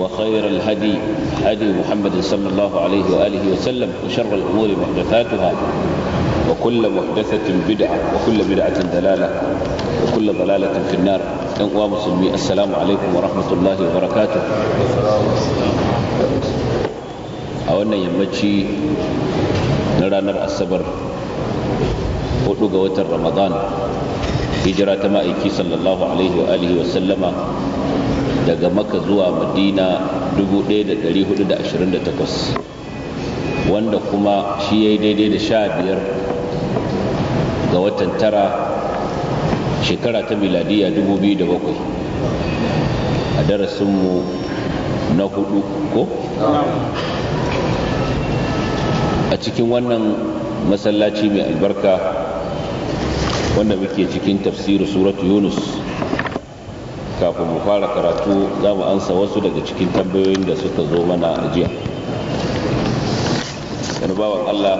وخير الهدي هدي محمد صلى الله عليه وآله وسلم وشر الأمور محدثاتها وكل محدثة بدعة وكل بدعة دلالة وكل ضلالة في النار السلام عليكم ورحمة الله وبركاته أولا يمتشي نرى نرى السبر وتر رمضان هجرة مائكي صلى الله عليه وآله وسلم daga maka zuwa madina 1428 wanda kuma shi ya yi daidai da sha biyar ga watan tara shekara ta miladiya 2007 a darasinmu na hudu ko? a cikin wannan masallaci mai albarka wanda muke cikin tafsirin suratu yunus kafin mu fara karatu za mu ansa wasu daga cikin tambayoyin da suka zo mana a jiya wani bawan allah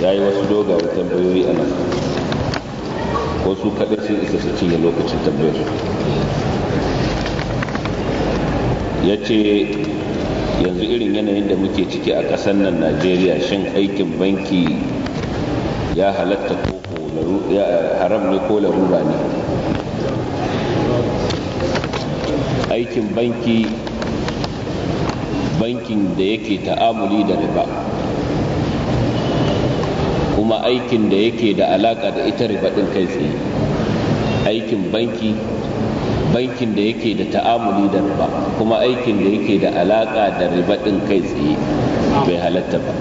ya yi wasu dogayen tambayoyi a nan ko su kaɗai sun isa su cinye lokacin tambayar ya ce yanzu irin yanayin da muke ciki a ƙasar nan najeriya shin aikin banki ya halatta ko haram ne ko larura ne aikin banki bankin da yake ta'amuli da riba kuma aikin da yake da alaka da ita riba ɗin kai tsaye aikin banki bankin da yake da ta'amuli da riba kuma aikin da yake da alaka da riba ɗin kai tsaye bai halatta ba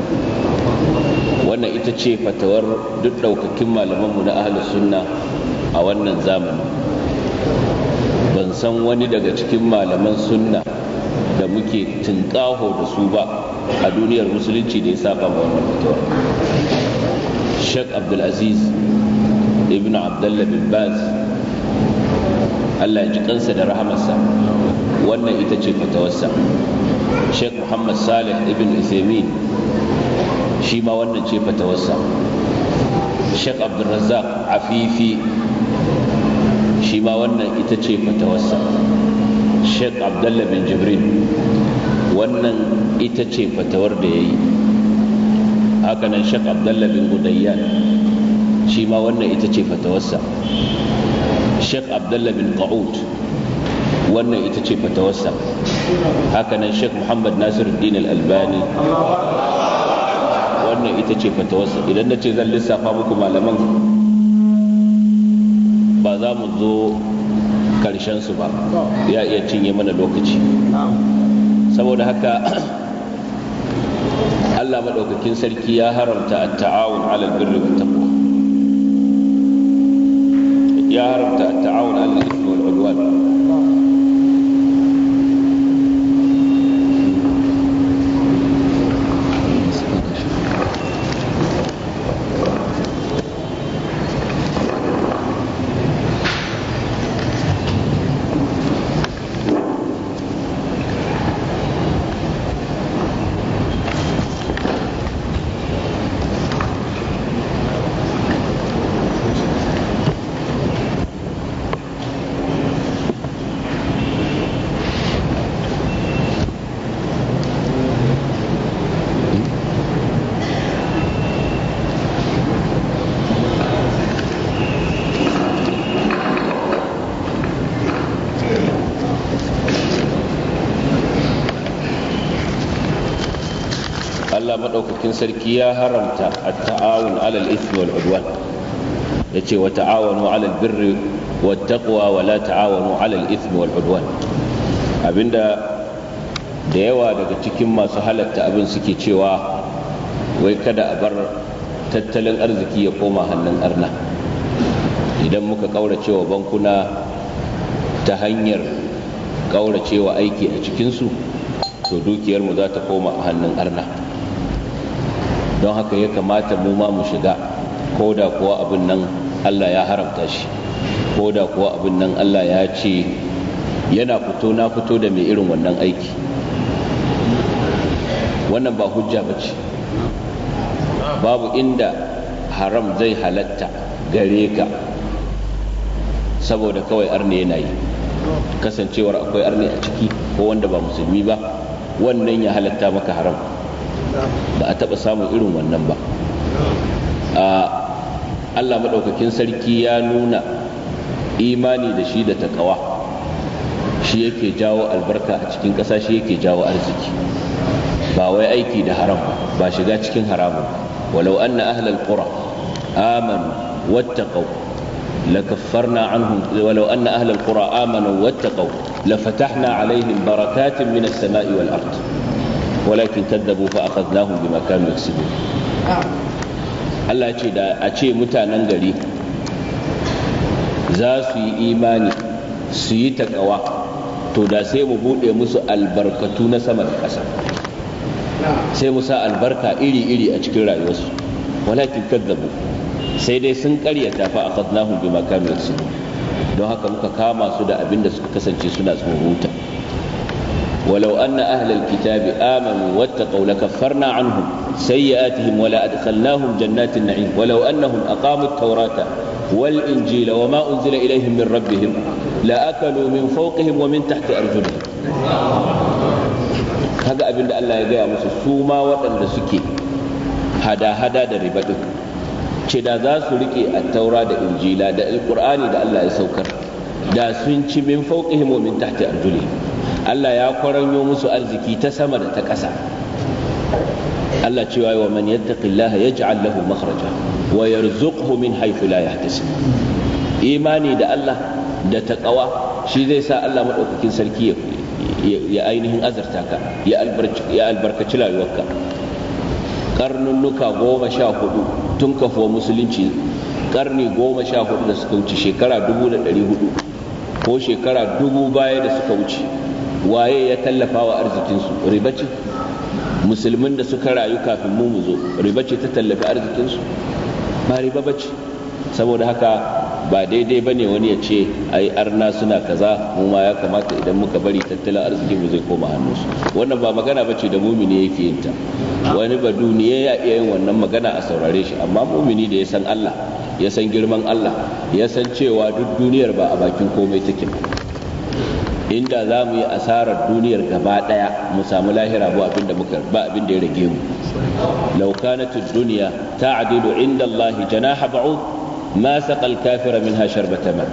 wannan ita ce fatawar duk ɗaukakin malamanmu na ahalus sunna a wannan zamanin ban san wani daga cikin malaman sunna da muke tunƙaho da su ba a duniyar musulunci da ya saba ma wannan fitowar shek abdulaziz ibn abdullah bin baz allah ya ji kansa da rahamarsa wannan ita ce fitowarsa shek muhammad salih ibn uthaymeen shi ma wannan ce fitowarsa shek Abdulrazak afifi shi ma wannan ita ce fatawarsa sheikh abdullah bin jibril wannan ita ce fatawar da ya yi hakanan sheikh abdullah bin gudayyan shi ma wannan ita ce fatawarsa sheikh abdullah bin qa'ud wannan ita ce fatawarsa hakanan sheikh muhammad nasiruddin al-albani wannan ita ce fatawarsa idan na ce zan lissafa muku malaman ba za mu zo karshen su ba ya iya cinye mana lokaci saboda haka Allah maɗaukakin sarki ya haramta a taawun 'alal birri wat taqwa ya haramta a taawun 'alal da wal 'udwan sarki ya haramta a taawun alal ithmi wal udwan yace wa ta'awanu alal birri wa taqwa wa la alal ithmi wal udwan abinda da yawa daga cikin masu halatta abin suke cewa wai kada a bar tattalin arziki ya koma hannun arna idan muka kauracewa bankuna ta hanyar kauracewa aiki a cikinsu to dukiyarmu za ta koma a hannun arna don haka ya kamata mu ma mu shiga ko da kuwa abin nan Allah ya haramta shi ko da kuwa abin nan Allah ya ce yana fito na fito da mai irin wannan aiki wannan ba hujja ba ce babu inda haram zai halatta gare ka saboda kawai arne yana yi kasancewar akwai arne a ciki ko wanda ba musulmi ba wannan ya halatta maka haram ba a taɓa samun irin wannan ba Allah maɗaukakin sarki ya nuna imani da shi da takawa shi yake jawo albarka a cikin ƙasa shi yake jawo arziki ba wai aiki da haram ba shiga cikin haramun walau anna ahlal qura amanu wattaqaw lakaffarna anhum walau anna ahlal qura amanu wattaqaw lafatahna alaihim barakatin minas sama'i wal ardh walakin kaddabu fa akhadnahum bima kanu yaksibun Allah ce da a ce mutanen gari za su yi imani su yi takawa to da sai mu buɗe musu albarkatu na sama da ƙasa sai mu sa albarka iri-iri a cikin rayuwarsu walakin kaddabu sai dai sun karyata fa akhadnahum bima kanu su, don haka muka kama su da abin da suka kasance suna tsoronta ولو أن أهل الكتاب آمنوا واتقوا لكفرنا عنهم سيئاتهم ولا أدخلناهم جنات النعيم ولو أنهم أقاموا التوراة والإنجيل وما أنزل إليهم من ربهم لأكلوا من فوقهم ومن تحت أرجلهم هذا أبن الله يجاء مسسوما وأن سكي هذا هذا دربتك كذا ذا سلكي التوراة والإنجيل دا القرآن دا الله يسوكر دا سنشي من فوقهم ومن تحت أرجلهم Allah ya kwaranyo musu arziki ta sama da ta ƙasa Allah cewa wa man ya yaj'al lahu makhraja wa yarzuqhu min haythu la yahtasib imani da Allah da ƙawa shi zai sa Allah madaukakin sarki ya ainihin azarta ka ya albarkaci rayuwarka nuka goma sha hudu tun kafuwa musulunci ƙarni goma sha hudu da suka wuce shekara dubu da ɗari hudu ko shekara dubu baya da suka wuce waye ya tallafa wa arzikinsu riba ce musulmin da suka rayu kafin mu mu zo riba ce ta tallafi arzikinsu ba riba bace saboda haka ba daidai ba ne wani ya ce ai arna suna kaza mu ma ya kamata idan muka bari tattalin arziki mu zai koma hannunsu wannan ba magana bace ce da mumini yake yin ta wani ba duniya ya iya yin wannan magana a saurare shi amma mumini da ya san Allah ya san girman Allah ya san cewa duk duniyar ba a bakin komai take inda za mu yi asarar duniyar gaba daya mu samu lahira ba abinda muka ba abinda ya rage mu law kanat ad-dunya ta'dilu inda Allah janaha ba'ud ma saqa kafira minha sharbata ma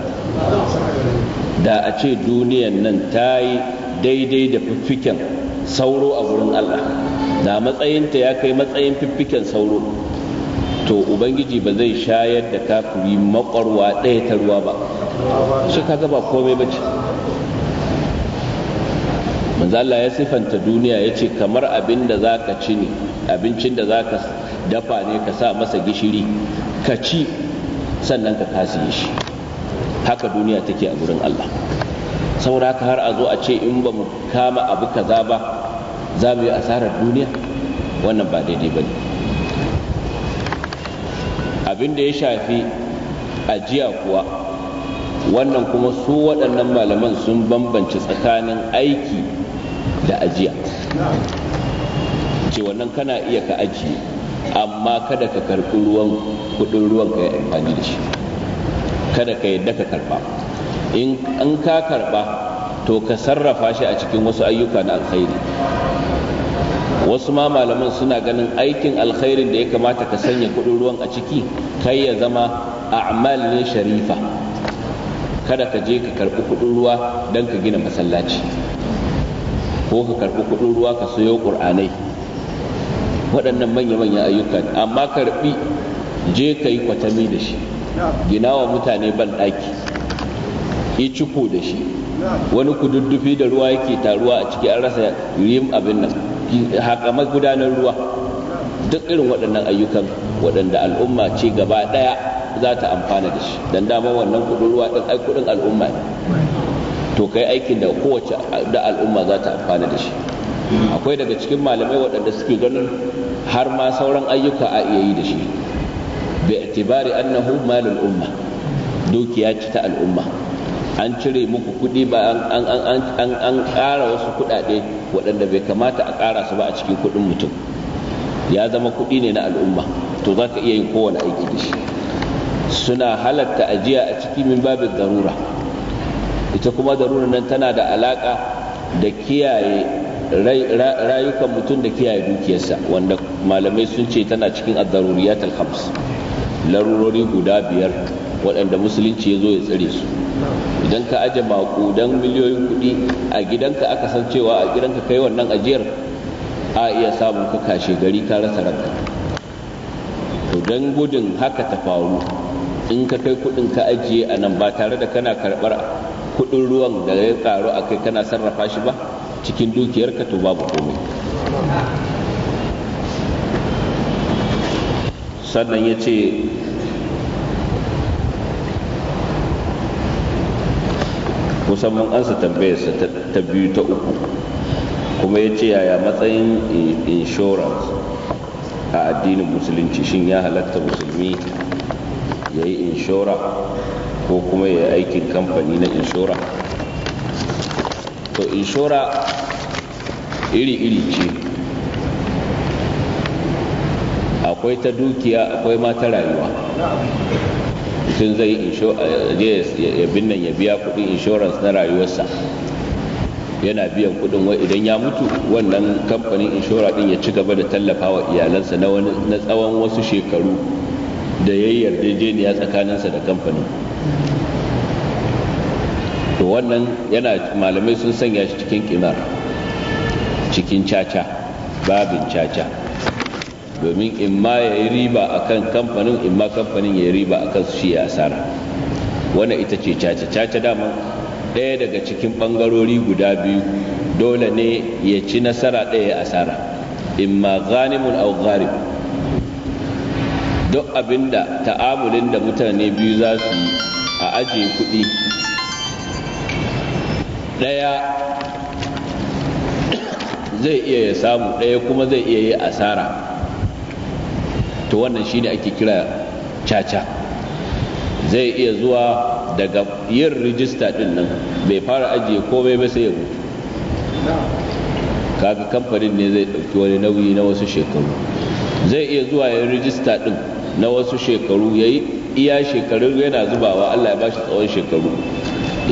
da a ce duniyar nan ta yi daidai da fiffiken sauro a gurin Allah da matsayinta ya kai matsayin fiffiken sauro to ubangiji ba zai shayar da kafiri makwarwa ɗaya ta ruwa ba shi kaga ba komai bace manzo ya sifanta duniya ya ce kamar abin da za ka ci ne abincin da za ka dafa ne ka sa masa gishiri ka ci sannan ka kasiye shi haka duniya take a gurin Allah saboda haka har a zo a ce in ba mu kama abu kaza ba za mu yi asarar duniya wannan ba daidai ba ne abin da ya shafi ajiya kuwa wannan kuma su waɗannan malaman sun bambance tsakanin aiki da ajiya ce wannan kana iya ka ajiye amma kada ka karɓi ruwan kuɗin ruwan ka yi amfani da shi kada ka yadda ka karɓa in ka karɓa to ka sarrafa shi a cikin wasu ayyuka na alkhairi wasu ma malaman suna ganin aikin alkhairin da ya kamata ka sanya kudin ruwan a ciki kai ya zama a'mal ne sharifa kada ka je ka karɓi kudin ruwa don ka gina masallaci ko ka karɓi kuɗin ruwa ka sayo ƙur'anai waɗannan manya-manyan ayyuka ne amma karɓi je ka yi kwatami da shi gina wa mutane banɗaki ɗaki yi ciko da shi wani kududdufi da ruwa yake taruwa a ciki an rasa yin abin nan hakamar gudanar ruwa duk irin waɗannan ayyukan waɗanda al'umma ce gaba ɗaya za ta amfana da shi don dama wannan kuɗin ruwa ɗin ai kuɗin al'umma ne to kai aikin da kowace da al'umma za ta amfana da shi akwai daga cikin malamai waɗanda suke ganin har ma sauran ayyuka a iya yi da shi Bai itibari annahu malul umma dukiya ce ta al'umma an cire muku kuɗi ba an an ƙara wasu kuɗaɗe waɗanda bai kamata a ƙara su ba a cikin kuɗin mutum ya zama kuɗi ne na al'umma to za ka iya yin kowane aiki da shi suna halatta ajiya a ciki min babin darura ita kuma darura nan tana da alaka da kiyaye rayukan mutum da kiyaye dukiyarsa wanda malamai sun ce tana cikin azaruriya ta al-khams larurori guda biyar waɗanda musulunci ya zo ya tsare su idan ka aje makudan miliyoyin kuɗi a gidanka aka san cewa a gidanka kai wannan ajiyar a iya samun ka kashe gari ka rasa ranka to don gudun haka ta faru in ka kai kuɗin ka ajiye a nan ba tare da kana karɓar kudin ruwan da ya karu a kai kana sarrafa shi ba cikin dukiyarka to babu komai sannan ya ce musamman ansa tambayarsa ta biyu ta uku kuma ya ce yaya matsayin insurance a addinin musulunci shin ya halatta musulmi ya yi inshora ko kuma ya aikin kamfani na inshora to inshora iri-iri ce akwai ta dukiya akwai mata ta rayuwa mutum zai ya binnan ya biya kudin insurance na rayuwarsa yana biyan kudin wa idan ya mutu wannan kamfanin inshora din ya ci gaba da tallafa wa iyalansa na tsawon wasu shekaru da ya yi yarjejeniya tsakaninsa da kamfanin to wannan yana malamai sun sanya shi cikin kimar cikin caca babin caca domin in ma ya yi riba a kan kamfanin in ma kamfanin ya yi riba a kan shi ya asara wannan ita ce caca caca dama ɗaya daga cikin ɓangarori guda biyu dole ne ya ci nasara ɗaya ya asara in ma ghanimun au gharib duk abinda ta'amulin da mutane biyu za su yi a ajiye kuɗi ɗaya zai iya ya samu ɗaya kuma zai iya yi asara to wannan shi ne ake kira caca zai iya zuwa daga yin rijista ɗin nan bai fara ajiye komai ba sai ya mutu kaga kamfanin ne zai ɗauki wani nauyi na wasu shekaru zai iya zuwa yin rijista ɗin na wasu shekaru ya yi iya shekaru yana zubawa allah ya ba shi tsawon shekaru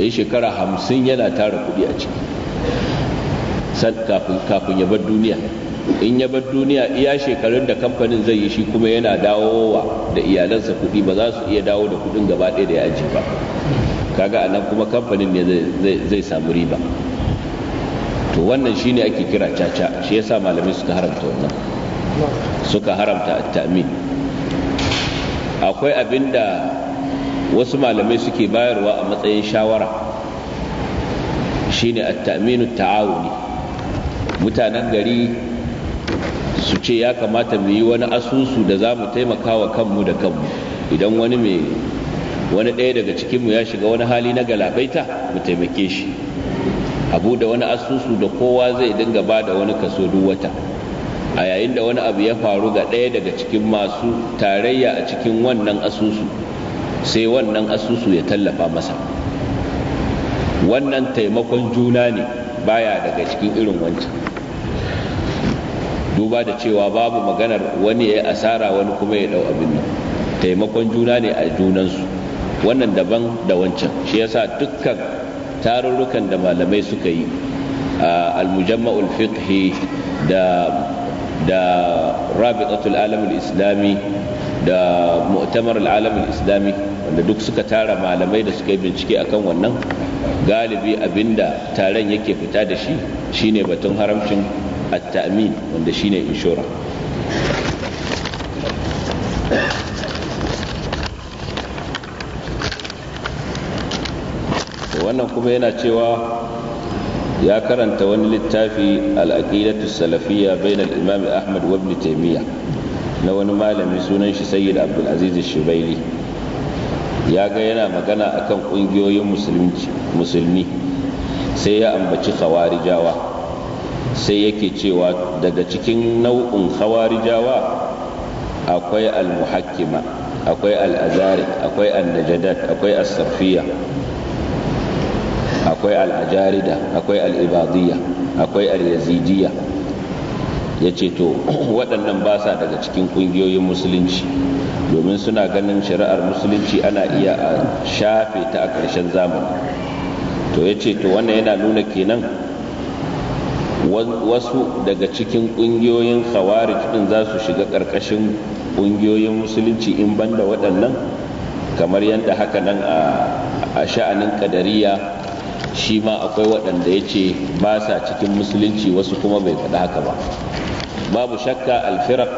ya shekara hamsin yana tara kuɗi a ciki kafin ya bar duniya in ya bar duniya iya shekarun da kamfanin zai yi shi kuma yana dawowa da iyalansa kuɗi ba za su iya dawo da kuɗin gaba ɗaya da ya ba kaga a nan kuma kamfanin ne zai samu riba to wannan shine ake kira caca shi yasa malamai suka haramta wannan suka haramta at akwai akwai da. wasu malamai suke bayarwa a matsayin shawara shine at-ta'minu ta'awuni mutanen gari su ce ya kamata mu yi wani asusu da za mu taimaka wa kanmu da kanmu idan wani mai wani ɗaya daga cikinmu ya shiga wani hali na galabaita mu taimake shi abu da wani asusu da kowa zai dinga ba da wani kaso duk wata a yayin da wani abu ya faru ga ɗaya daga cikin masu tarayya a cikin wannan asusu sai wannan asusu ya tallafa masa wannan taimakon juna ne baya daga cikin irin wancan duba da cewa babu maganar wani ya asara wani kuma ya dau abin nan taimakon juna ne a junansu wannan daban da wancan shi yasa dukkan tarurrukan da malamai suka yi a almujamma'ul fiqhi da da rabi'atul alamul islami da mu'tamar al'alam islami wanda duk suka tara malamai da suka yi bincike akan wannan galibi abinda taron yake fita da shi shine batun haramcin at-ta'min wanda shine inshora wannan kuma yana cewa ya karanta wani littafi al-aqidatu salafiyya bainal imam ahmad wa ibn taymiyyah na wani malami sunan shi sayyid abdulaziz shibaili ya ga yana magana akan ƙungiyoyin musulmi sai ya ambaci khawarijawa sai yake cewa daga cikin nau'in khawarijawa akwai al-muhakkima akwai al-azari akwai al-najadat akwai as safiya akwai al-ajarida akwai al-ibadiyya akwai al-yazidiyya ya ce to waɗannan ba sa daga cikin ƙungiyoyin musulunci domin suna ganin shari'ar musulunci ana iya a shafe ta a ƙarshen zamani to ya ce to wannan yana nuna kenan wasu daga cikin ƙungiyoyin khawarij ɗin za su shiga ƙarƙashin ƙungiyoyin musulunci in banda waɗannan kamar yadda haka nan a sha'anin ƙadariya shi ma akwai waɗanda ya ce ba sa cikin musulunci wasu kuma bai faɗi haka ba babu shakka alfirak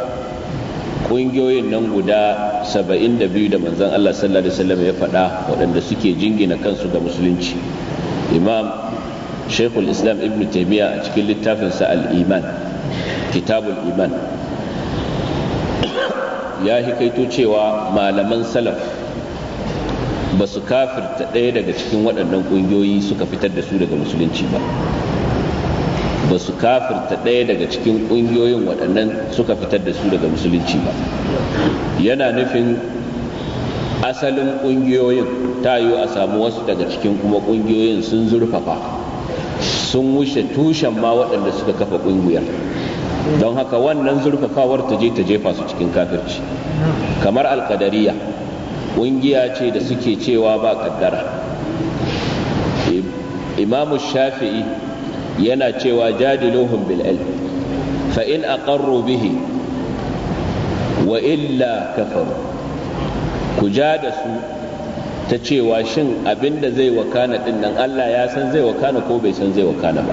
ƙungiyoyin nan guda 72 da manzan Allah sallallahu Alaihi wasallam ya faɗa waɗanda suke jingina kansu ga musulunci imam shekul islam ibn taimiyya a cikin littafinsa iman kitabul iman ya hikaito cewa malaman salaf ba su kafirta ɗaya daga cikin waɗannan ƙungiyoyi suka fitar da su daga musulunci ba ba su kafirta ɗaya daga cikin ƙungiyoyin waɗannan suka fitar da su daga musulunci ba yana nufin asalin ƙungiyoyin ta yiwu a samu wasu daga cikin kuma ƙungiyoyin sun zurfafa sun wuce tushen ma waɗanda suka kafa ƙungiyar don haka wannan zurfafawar ta je ta jefa su cikin kafirci kamar alkadariya ƙungiya ce da suke cewa ba kaddara. imamu shafi'i yana cewa jadiluhum bil ilm fa in aqarru bihi wa illa kafaru ku ja da su ta cewa shin abinda zai wakana din nan Allah ya san zai wakana ko bai san zai wakana ba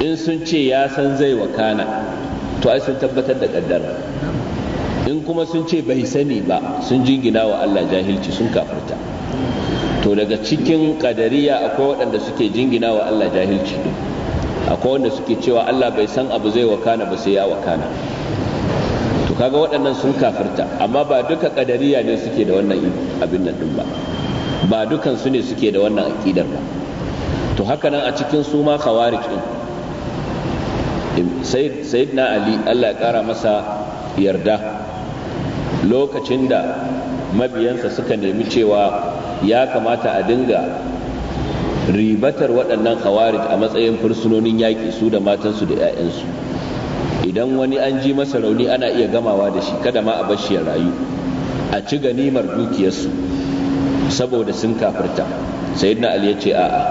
in sun ce ya san zai wakana to ai sun tabbatar da kaddara in kuma sun ce bai sani ba sun jingina wa Allah jahilci sun kafirta to daga cikin kadariya akwai waɗanda suke jingina wa Allah jahilci akwai wanda suke cewa Allah bai san abu zai wakana ba sai ya wakana to kaga waɗannan sun kafirta amma ba duka kadariya ne suke da wannan abin nan din ba ba dukan su ne suke da wannan aqidar ba to haka nan a cikin su ma khawarij din sayyidina ali Allah ya kara masa yarda lokacin da mabiyansa suka nemi cewa ya kamata a dinga ribatar waɗannan khawarij a matsayin fursunonin yaƙi su da matansu da 'ya'yansu idan wani an ji masa rauni ana iya gamawa da shi kada ma a bashi ya rayu a ci ganimar dukiyarsu saboda sun kafirta sayyidina ali ya ce a'a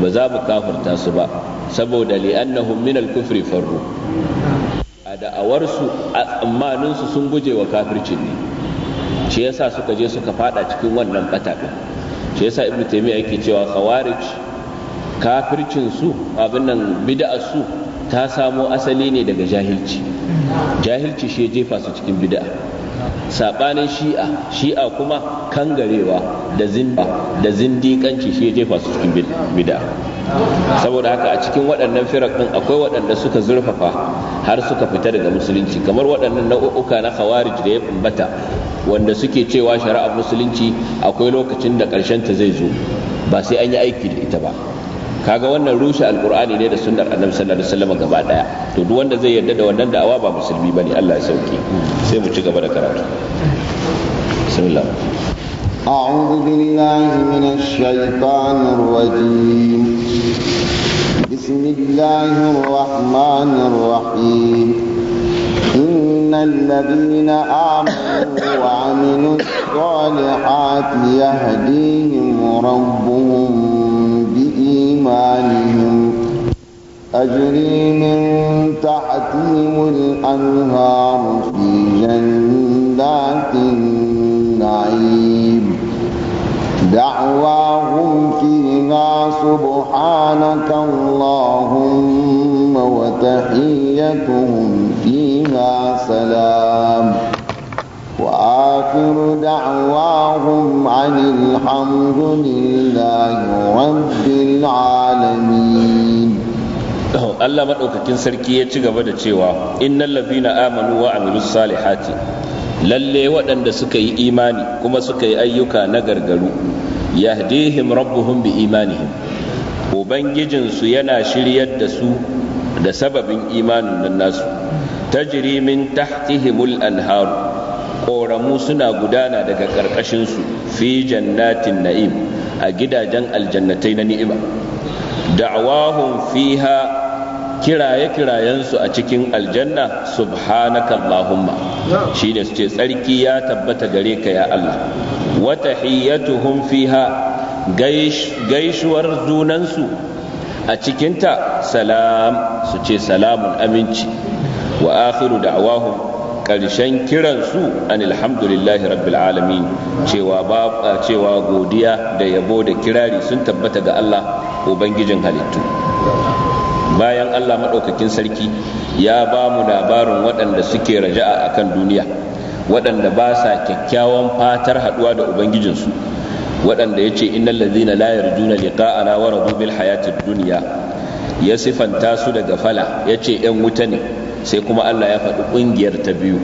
ba za mu kafirta su ba saboda li'annahum min al-kufri farru a da'awarsu a tsammaninsu sun guje wa kafircin ne shi yasa suka je suka fada cikin wannan bata din shi yasa ibnu taymiya yake cewa khawarij kafircin su abin nan bid'a su ta samo asali ne daga jahilci jahilci shi jefa su cikin bid'a sabanin shi'a shi'a kuma kangarewa da zinba da zindiƙanci shi jefa su cikin bid'a saboda haka a cikin waɗannan firak akwai waɗanda suka zurfafa har suka fita daga musulunci kamar waɗannan nau'uka na khawarij da ya bambata wanda suke cewa shari'ar musulunci akwai lokacin da ƙarshen ta zai zo ba sai an yi aiki da ita ba kaga wannan rushe alkur'ani ne da sunnar annabi sallallahu alaihi wasallam gaba daya to duk wanda zai yarda da wannan da'awa ba musulmi bane Allah ya sauke sai mu ci gaba da karatu bismillah أعوذ بالله من الشيطان الرجيم بسم الله إن الذين آمنوا وعملوا الصالحات يهديهم ربهم بإيمانهم أجري من تحتهم الأنهار في جنات النعيم دعواهم فيها سبحانك اللهم وتحيتهم فيها سلام وآخر دعواهم عن الحمد لله رب العالمين Allah Madaukakin sarki ya ci gaba da cewa innal ladina amanu wa amilus salihati lalle waɗanda suka yi imani kuma suka yi ayyuka na gargaru yahdihim rabbuhum bi imanihim ubangijinsu yana shiryar da su da sababin imanin nan nasu tajri min tahtihimul anharu ƙoramu suna gudana daga ƙarƙashinsu fi jannatin na'im a gidajen aljannatai na ni'ima da'awahum fiha kiraye-kirayensu a cikin aljanna subhanaka allahumma shine su ce tsarki ya tabbata gare ka ya Allah Wata tahiyyatuhum fiha gaishuwar junansu a cikinta salam su ce salamun aminci wa akhiru awahu, ƙarshen kiransu an alhamdulillahi rabbil alamin cewa ba cewa godiya da yabo da kirari sun tabbata ga Allah ubangijin halittu bayan Allah maɗaukakin sarki ya ba mu labarin waɗanda suke raja'a akan duniya waɗanda ba sa kyakkyawan fatar haɗuwa da ubangijinsu waɗanda ya ce innal ladhina la yarjuna liqa'ana wa radu bil hayatid dunya ya sifanta su daga fala, ya ce yan wuta ne sai kuma Allah ya faɗi ƙungiyar ta biyu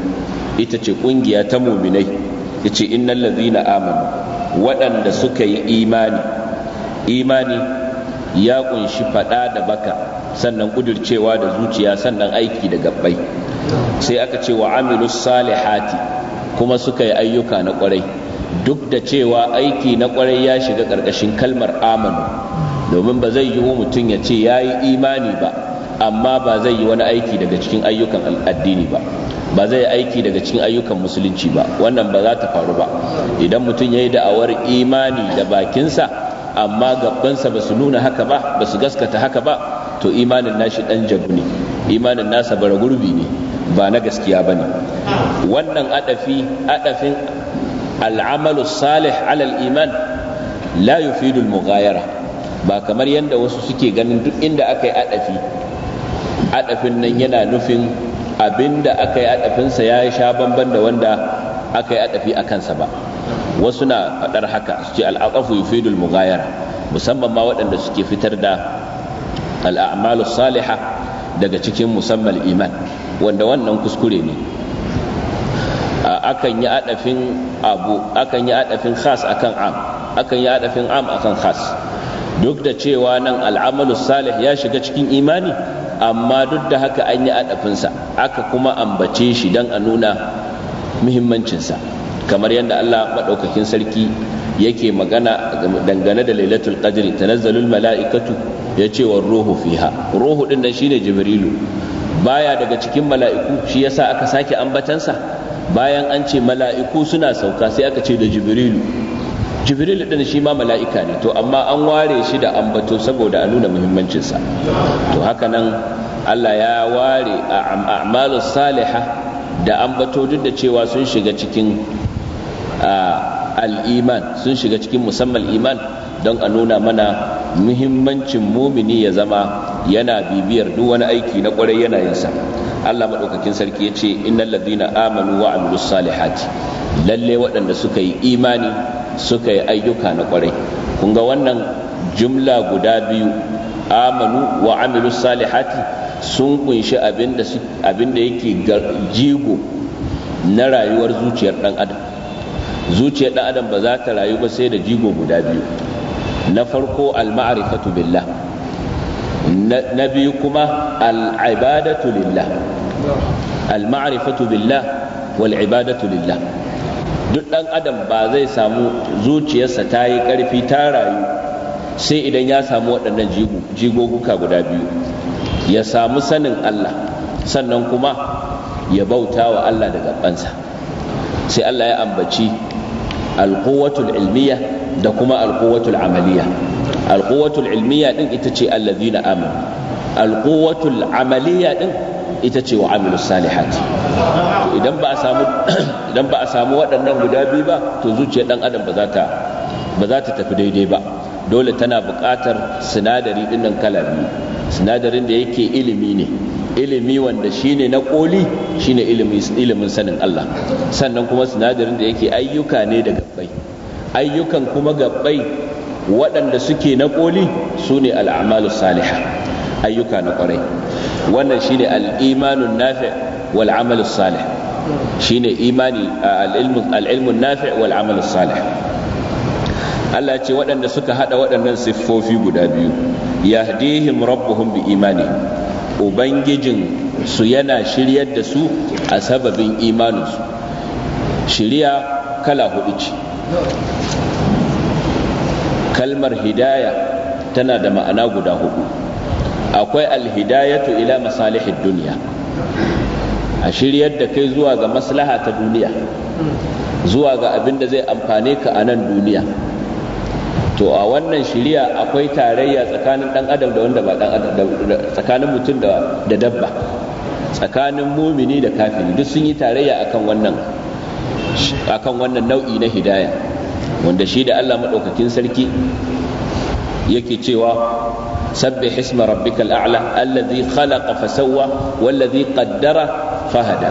ita ce ƙungiya ta muminai ya ce innal ladhina amanu waɗanda suka yi imani imani ya ƙunshi faɗa da baka sannan ƙudurcewa da zuciya sannan aiki da gabbai sai aka ce wa amilus salihati kuma suka yi ayyuka na ƙwarai duk da cewa aiki na kwarai ya shiga ƙarƙashin kalmar amanu domin ba zai yiwu mutum ya ce ya yi imani ba amma ba zai yi wani aiki daga cikin ayyukan addini ba ba zai aiki daga cikin ayyukan musulunci ba wannan ba za ta faru ba idan mutum ya yi da'awar imani da bakinsa amma gabansa ba su nuna haka ba ba su gaskata haka ba to imanin nashi ɗan jabu ne imanin nasa bara gurbi ne ba na gaskiya ba ne wannan adafi adafin al'amalu salih alal iman la yufidul mughayara ba kamar yadda wasu suke ganin duk inda aka yi adafi adafin nan yana nufin abinda aka yi adafinsa ya sha bamban da wanda aka yi adafi a kansa ba wasu na faɗar haka su ce al'aqafu yufidul musamman ma waɗanda suke fitar da al'amalu salihah daga cikin musamman iman wanda wannan kuskure ne akan yi adafin abu akan yi adafin khas akan am akan yi adafin am akan khas duk da cewa nan al'amalu salih ya shiga cikin imani amma duk da haka an yi adafinsa aka kuma ambace shi dan a nuna muhimmancinsa kamar yadda Allah maɗaukakin sarki yake magana dangane da lailatul qadri tanazzalul mala'ikatu ya ce wa ruhu fiha ruhu din nan shine jibrilu baya daga cikin mala'iku shi yasa aka sake ambatansa bayan an ce mala'iku suna sauka sai aka ce da jibrilu jibrilu ɗin shi ma mala'ika ne to amma an ware shi da ambato saboda a nuna muhimmancinsa to haka nan allah ya ware a amalus saliha da ambato duk da cewa sun shiga cikin al'iman sun shiga cikin musamman iman don a nuna mana muhimmancin mumini ya zama yana bibiyar duk wani aiki na kwarai yanayinsa. Allah madaukakin sarki yace innal ladina amanu wa amilus salihati lalle waɗanda suka yi imani suka yi ayyuka na kwarai kun ga wannan jumla guda biyu amanu wa amilus salihati sun kunshi abinda yake jigo na rayuwar zuciyar dan adam zuciyar dan adam ba za ta rayu ba sai da jigo guda biyu na farko al-ma'rifatu billah na biyu kuma al'ibadatu lillah al-ma'rifatu billah lillah duk ɗan adam ba zai samu zuciyarsa ta yi ƙarfi ta rayu sai idan ya samu waɗannan jigoguka guda biyu ya samu sanin Allah sannan kuma ya bauta wa Allah da gabansa sai Allah ya ambaci alkuwatul ilmiyya da kuma alkuwatul amaliya alkuwatul ilmiya din ita ce allazina amin alquwatul amaliya din ita ce wa Aminu salihati idan ba a samu idan ba a samu waɗannan guda biyu ba to zuciyar ɗan adam ba za ta tafi daidai ba dole tana buƙatar sinadari dinnan kala biyu sinadarin da yake ilimi ne ilimi wanda shine na koli shine ilimin sanin Allah sannan kuma sinadarin da yake ayyuka ne da gabbai ayyukan kuma gabbai waɗanda suke na ƙoli su ne al'amalu saliha ayyuka na ƙwarai wannan shi ne al'imanun nafi wal salih shi ne imani al'ilmun nafi wal salih Allah ce waɗanda suka haɗa waɗannan siffofi guda biyu yahdihim rabbuhum bi imani ubangijin su yana shiryar da su a sababin imaninsu shiriya kala hudu ce kalmar hidaya tana da ma'ana guda hudu akwai alhidayatu ila masalihid duniya a shiryar da kai zuwa ga maslaha ta duniya zuwa ga abin da zai amfane ka a nan duniya to a wannan shiriya akwai tarayya tsakanin dan adam da wanda ba dan adam tsakanin mutum da dabba tsakanin mumini da kafiri duk sun yi tarayya akan wannan akan wannan nau'i na hidaya wanda shi da Allah maɗaukakin sarki yake cewa sabbih isma rabbikal a'la allazi khalaqa fasawwa wallazi qaddara fahada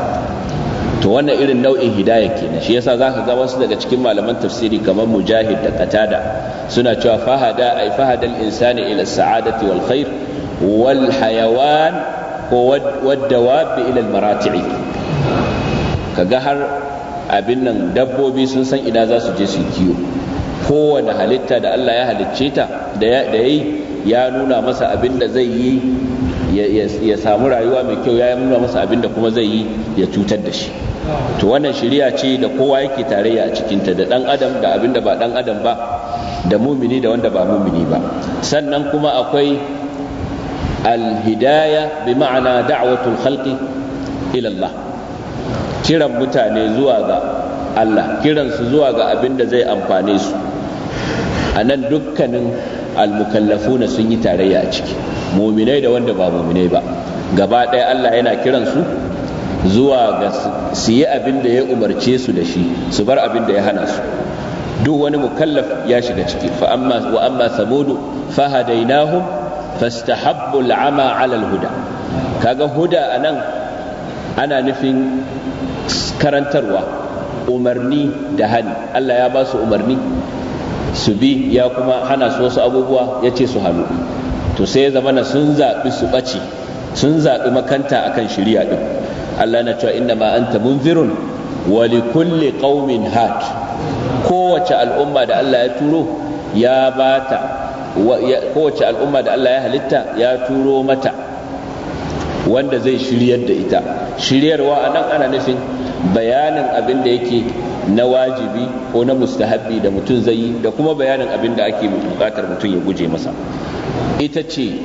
to wannan irin nau'in hidaya kenan shi yasa zaka ga wasu daga cikin malaman tafsiri kamar mujahid da qatada suna cewa fahada ay fahada al insani ila sa'adati wal khair wal hayawan ko wad dawab ila al marati'i kaga har abin nan dabbobi sun san ina za su je su kiwo kowane halitta da Allah ya halicce ta da yayi ya nuna masa abin da zai yi ya samu rayuwa mai kyau ya nuna masa abin da kuma zai yi ya cutar da shi to wannan shiriya ce da kowa yake tarayya a cikinta da ɗan adam da abin da ba ɗan adam ba da mumini da wanda ba mumini ba sannan kuma akwai alhidaya bi ma'ana da'watul khalqi ila Allah kiran mutane zuwa ga Allah kiransu zuwa ga abin da zai amfane su a nan dukkanin almukallafuna sun yi tarayya a ciki muminai da wanda ba muminai ba gaba ɗaya Allah yana kiransu zuwa ga su yi abin da ya umarce su da shi su bar abin da ya hana su duk wani mukallaf ya shiga ciki fa amma wa amma samudu fa hadainahum fastahabbu al'ama 'ala huda kaga huda a nan ana nufin karantarwa umarni da hani Allah ya ba su umarni su bi ya kuma hana su wasu abubuwa ya ce su hannu to sai ya zamana sun zaɓi su ɓace sun zaɓi makanta akan shirya ɗin Allah na cewa inna ma anta munzirun wa li kulli qaumin hat kowace al'umma da Allah ya turo ya bata kowace al'umma da Allah ya halitta ya turo mata wanda zai shiryar da ita shiryarwa a nan ana nufin bayanin abin da yake na wajibi ko na mustahabbi da mutum zai yi da kuma bayanin abin da ake bukatar mutum ya guje masa ita ce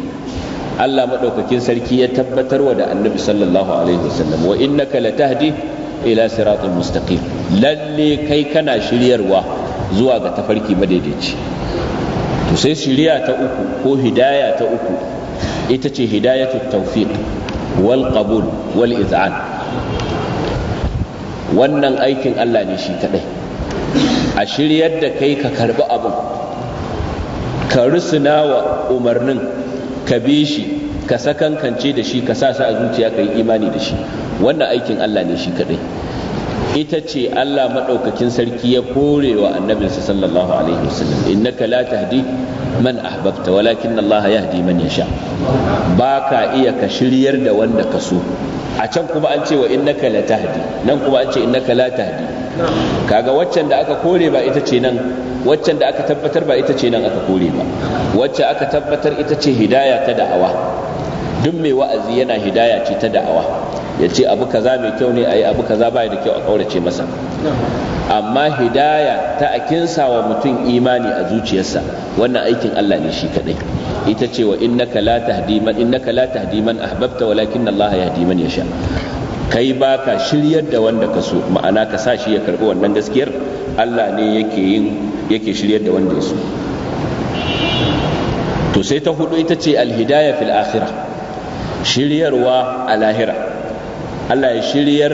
Allah maɗaukakin sarki ya tabbatar wa da annabi sallallahu alaihi wasallam wa innaka latahdi ila siratul mustaqim lalle kai kana shiryarwa zuwa ga tafarki madaidaici to sai shiriya ta uku ko hidaya ta uku ita ce hidayatut tawfiq wal qabul wal iz'an wannan aikin Allah ne shi kadai a shiryar da kai ka karbi abin ka rusuna wa umarnin ka bi shi ka sakankance da shi ka sa sa a zuciya ka yi imani da shi wannan aikin Allah ne shi kadai ita ce Allah maɗaukakin sarki ya kore wa annabinsa sallallahu alaihi wasallam innaka la tahdi man ahbabta walakin Allah yahdi man yasha baka iya ka shiryar da wanda ka so a can kuma an ce wa innaka la tahdi nan kuma an ce innaka la tahdi kaga waccan da aka kore ba ita ce nan waccan da aka tabbatar ba ita ce nan aka kore ba wacce aka tabbatar ita ce hidaya ta da'awa duk mai wa'azi yana hidaya ce ta da'awa ya ce abu kaza mai kyau ne a yi abu kaza baya da kyau a ƙaurace masa amma hidaya ta akinsa wa mutum imani a zuciyarsa wannan aikin Allah ne shi kadai ita ce wa innaka la tahdi man innaka la tahdi man ahbabta walakin Allah yahdi man yasha kai baka shiryar da wanda ka so ma'ana ka sa shi ya karbi wannan gaskiyar Allah ne yake yin yake shiryar da wanda ya so to sai ta hudu ita ce alhidaya fil akhirah shiryarwa a lahira Allah ya shiryar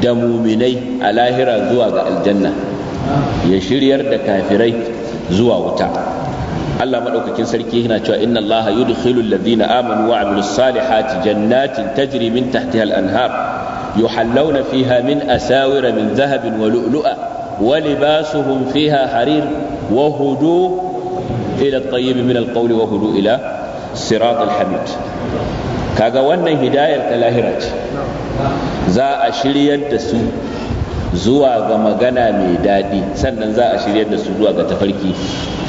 da muminai a lahira zuwa ga aljanna ya shiryar da kafirai zuwa wuta Allah maɗaukakin sarki yana cewa inna Allah yudkhilu alladhina amanu wa amilus salihati jannatin tajri min tahtiha al-anhar yuhallawna fiha min asawira min dhahabin wa lu'lu'a wa libasuhum fiha harir wa hudu ila at-tayyib min al-qawli wa hudu ila siratul hamid kaga wannan hidayar ta lahira ce za a shiryar da su zuwa ga magana mai daɗi sannan za a shiryar da su zuwa ga tafarki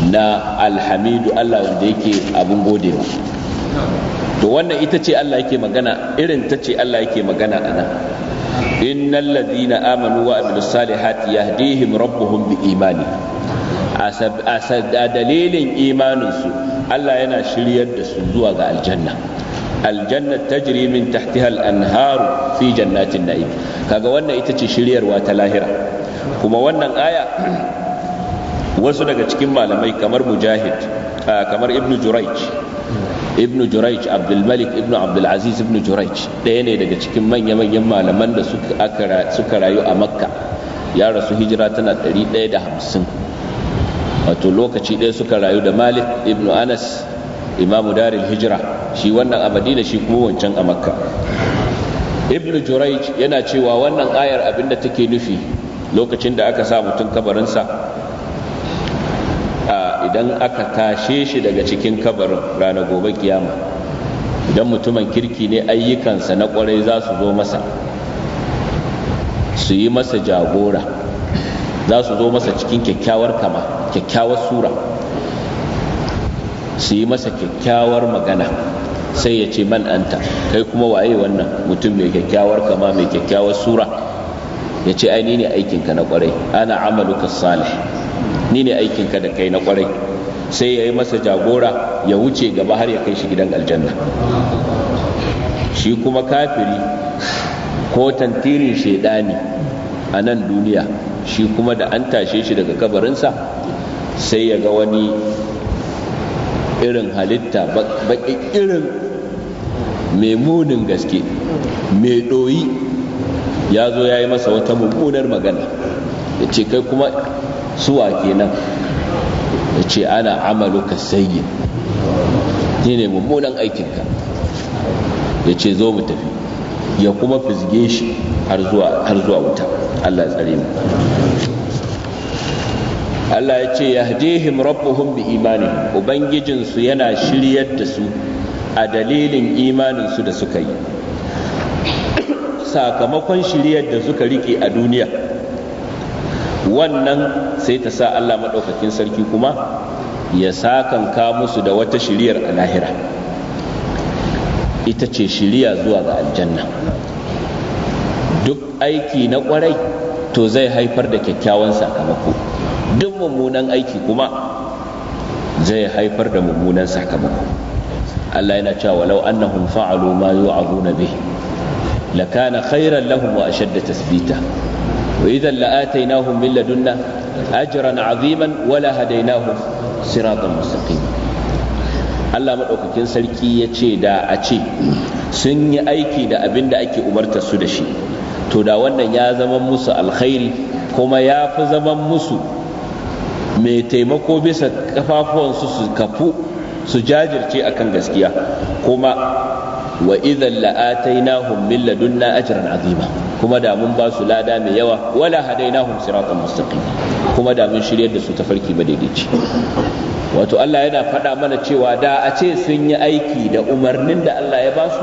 na alhamidu Allah wanda yake abin gode ba to wannan ita ce Allah yake magana irin ta ce Allah yake magana a nan innal ladina amanu wa amilus salihati yahdihim rabbuhum bi imani a dalilin imaninsu Allah yana shiryar da su zuwa ga aljanna aljanna jiri min tahtiha al-anhar fi jannatin na'im kaga wannan ita ce shiryarwa ta lahira kuma wannan aya wasu daga cikin malamai kamar mujahid kamar ibnu juraij ibn juraij abdulmalik ibn abdulaziz ibn juraij ɗaya ne daga cikin manya-manyan malaman da suka rayu a makka ya rasu hijira tana 150 wato lokaci ɗaya suka rayu da malik ibn anas imamu daril hijira shi wannan a madina shi kuma wancan a makka ibn juraij yana cewa wannan ayar abinda take nufi lokacin da aka sa mutum kabarinsa idan aka tashe shi daga cikin kabarin ranar gobe kiyama idan mutumin kirki ne ayyukansa na kwarai za su zo masa su yi masa jagora za su zo masa cikin kyakkyawar kama kyakkyawar sura su yi masa kyakkyawar magana sai ya ce man anta kai kuma waye wannan mutum mai kyakkyawar kama mai kyakkyawar sura ya ce ai ni ne aikinka na kwarai ana amaluka salih ni ne aikinka da kai na kwarai sai ya yi masa jagora ya wuce gaba har ya kai shi gidan aljanna shi kuma kafiri ko tantirin shaidani a nan duniya shi kuma da an tashe shi daga kabarinsa sai ya ga wani irin halitta baƙi irin mai gaske mai ɗoyi ya zo ya yi masa wata mummunar magana ya ce kai kuma suwa kenan ya ce ana amaluka sayyi ne ne mummunan aikinka ya ce zo mu tafi ya kuma fizge shi har zuwa wuta Allah tsare mu Allah ya ce yahdihim rabbuhum bi imani ubangijinsu yana shiryar da su a dalilin imanin su da suka yi sakamakon shiryar da suka rike a duniya wannan sai ta sa Allah maɗaukakin sarki kuma ya sakanka musu da wata shiryar a lahira ita ce shiriya zuwa ga aljanna duk aiki na kwarai to zai haifar da kyakkyawan sakamako duk mummunan aiki kuma zai haifar da mummunan sakamako Allah yana cewa walau annahum fa'alu ma yu'azuna bih lakana khairan lahum wa ashadda tasbita wa idan la'atainahum min ladunna ajran aziman wa la hadainahum siratan mustaqima Allah maɗaukakin sarki ya ce da a ce sun yi aiki da abin da ake umarta su da shi to da wannan ya zama musu alkhairi kuma ya fi zaman musu mai taimako bisa kafafuwansu su kafu su jajirce akan gaskiya kuma wa la'atai la'atainahum min na ajran azima kuma da mun ba su lada mai yawa wala hadainahum siratan mustaqim kuma da mun shirya da su tafarki madaidaici wato Allah yana faɗa mana cewa da a ce sun yi aiki da umarnin da Allah ya basu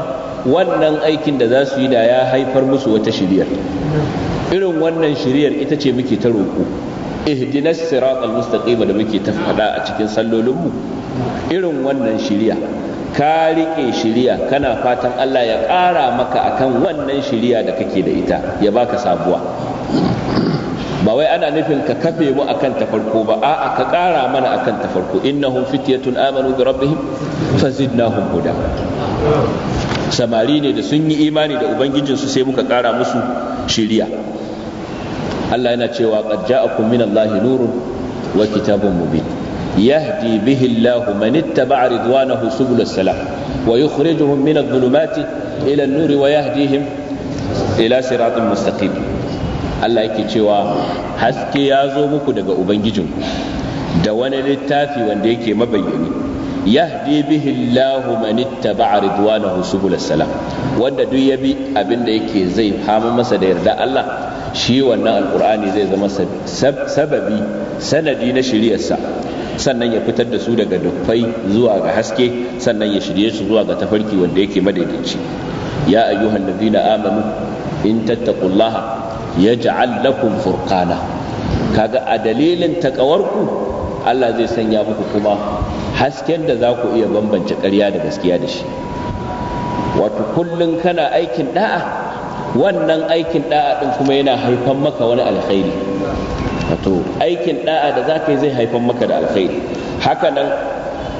wannan aikin da za su yi da ya haifar musu wata shiriyar irin wannan shiriyar ita ce muke ta roƙo ihdinas siratal mustaqim da muke ta faɗa a cikin sallolinmu irin wannan shiriya ka riƙe shiriya kana fatan Allah ya ƙara maka akan wannan shiriya da kake da ita ya baka sabuwa ba wai ana nufin ka kafe mu akan ta farko ba a'a ka ƙara mana akan ta farko innahum fityatun amanu bi rabbihim fazidnahum huda samari ne da sun yi imani da ubangijinsu sai muka ƙara musu shiriya Allah yana cewa qad ja'akum minallahi nurun wa kitabun mubin يهدي به الله من اتبع رضوانه سبل السلام ويخرجهم من الظلمات إلى النور ويهديهم إلى صراط مستقيم Allah yake cewa haske ya zo muku daga Ubangijin. da wani littafi wanda yake mabayyani yahdi bihi Allahu man ittaba'a ridwanahu subul salam wanda duk ya bi abinda yake zai hama masa da yarda Allah shi wannan alqur'ani zai zama sababi sanadi na shiriyarsa sannan ya fitar da su daga dukkai zuwa ga haske sannan ya shirye su zuwa ga tafarki wanda yake madaidaici ya ayyuhan ladina amanu in tattaqullaha yaj'al lakum furqana kaga a dalilin takawarku Allah zai sanya muku kuma hasken da za ku iya bambance ƙarya da gaskiya da shi wato kullum kana aikin da'a wannan aikin da'a din kuma yana haifan maka wani alkhairi to aikin da'a da za ka yi zai haifan maka da alkhairi haka nan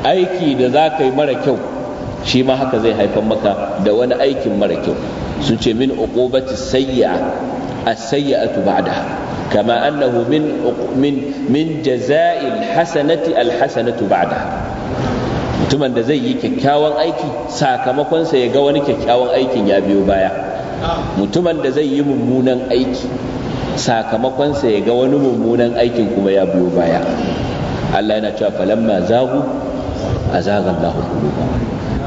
aiki da za ka yi mara kyau shi ma haka zai haifan maka da wani aikin mara kyau sun ce min uqubati sayya as-sayyi'atu ba'daha kama annahu min min min jazail hasanati al-hasanatu da. mutumin da zai yi kyakkyawan aiki sakamakonsa ya ga wani kyakkyawan aikin ya biyo baya mutumin da zai yi mummunan aiki sakamakonsa ya ga wani mummunan aikin kuma ya biyo baya Allah yana cewa falamma zagu azaga Allahu qulubahum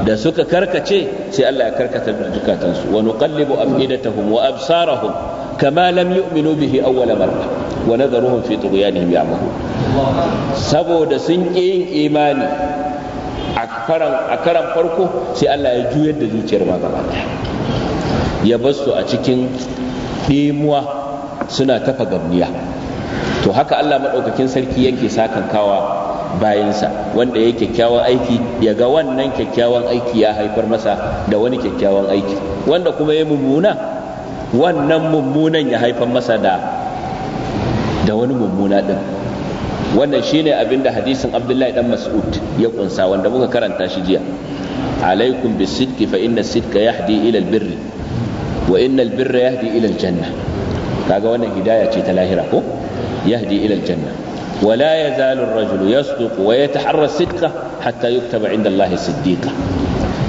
da suka karkace sai Allah ya karkata zukatansu wa nuqallibu afidatahum wa absarahum kama lam yu'minu bihi awwala marra wa nadharuhum fi tughyanihim ya'mahun saboda sun ki yin imani a karan farko sai Allah ya juyar da zuciyar ma gaba ya bar su a cikin ɗimuwa suna tafa gabniya to haka Allah maɗaukakin sarki yake sakankawa bayansa wanda ya kyakkyawan aiki ya ga wannan kyakkyawan aiki ya haifar masa da wani kyakkyawan aiki wanda kuma ya mummuna wannan mummunan ya haifar masa da da wani mummuna din wannan shine abin da hadisin abdullahi dan mas'ud ya kunsa wanda muka karanta shi jiya alaikum bisidqi fa inna sidqa yahdi ila albirri wa inna albirra yahdi ila aljanna kaga wannan hidaya ce ta lahira ko yahdi ila aljanna wala yazalu ar-rajulu yasduqu wa yataharra sidqa hatta yuktaba inda Allah siddiqa